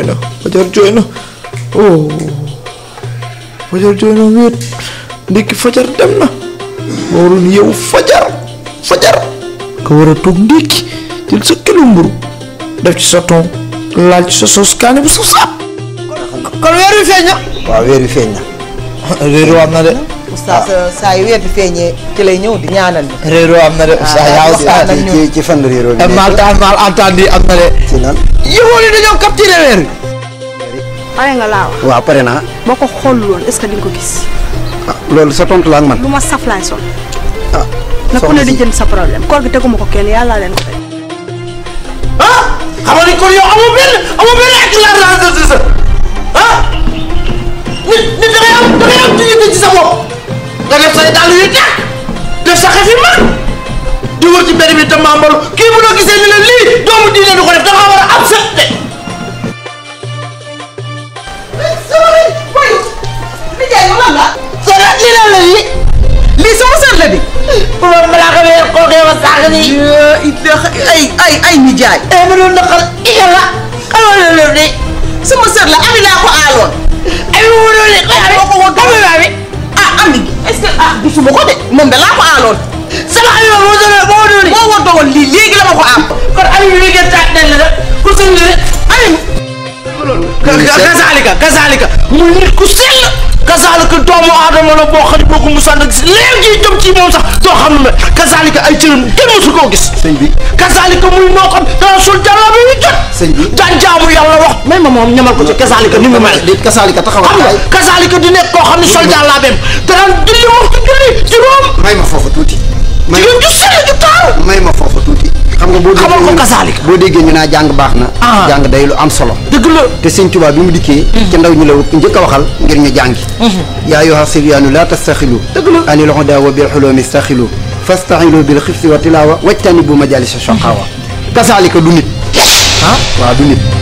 join ah fajar join ah oh fajar join ah wéet ndekki fajar dem na ma waroon yeewu fajar fajar nga war a toog ndekki jël sa kilo mburu def ci sa ton laal ci sa soos kaani bu saf-saf. kon weer wi feeñ na. waaw weer wi oustaz saya yu weer di feeñee ci lay saya di ñaanal ñu réeroo am na de oustaz yaa ci ci fan réeroo bi mal ta mal entendu am na de ci lan yëgoon yi dañoo capturé weer pare nga laaw waaw pare naa boo ko xoolul woon est ce que di nga ko gis loolu sa tontu la ak man lu ma saf laay sol ah na ku ne di jënd sa problème koor gi teguma ko kenn yàlla leen ko teg ah xamal ni kon yow amoo benn amoo benn éclairage de sa say dàll yu teg def sa xef yi mag di wër ci mbedd bi tambaambalu kii ni la lii doomu diine du ko def dafa war a am set de lii la lii lii ay ay ay nijaay eh, ma doon naqar ila gisuma ko de moom de laa ko aaloon. sama Habib moo doon moo doon lii. moo war doon lii léegi la ma ko aal. kon Habib mi ngi gën la ku sëñ bi rek Habib. kasaalika kasaalika muy nit ku sell. kasaalika doomu aadama boo xam boo ko musaan a gi jëm ci moom doo xam ne kasaalika ay cëram kenn mosu koo gis. sëñ bi xam dana sol jàllabe yu jot. sëñ bi daan même moom ñamal ko ci kasaalika ni mu mel di kasaalika taxaw xam nga kasaalika di nekk koo xam ne sol jàllaabeem te daan julli waxtu julli juróom may ma foofa tuuti jigéen ju sell ju taaru may ma foofa tuuti xam nga boo xamal ko kasaalika boo déggee ñu naa jàng baax na jàng day lu am solo dëgg la te sëñ Tuubaa bi mu dikkee ca ndaw ñu la njëkk a waxal ngir ñu jàngi yaa ayyuha sibyaanu laa tastaxilu dëgg la anil hudaa wa bil xuloomi staxilu fastaxilu bil xifsi wa tilaawa wajtanibu majalisa shaqaawa kasaalika du nit ah waaw du nit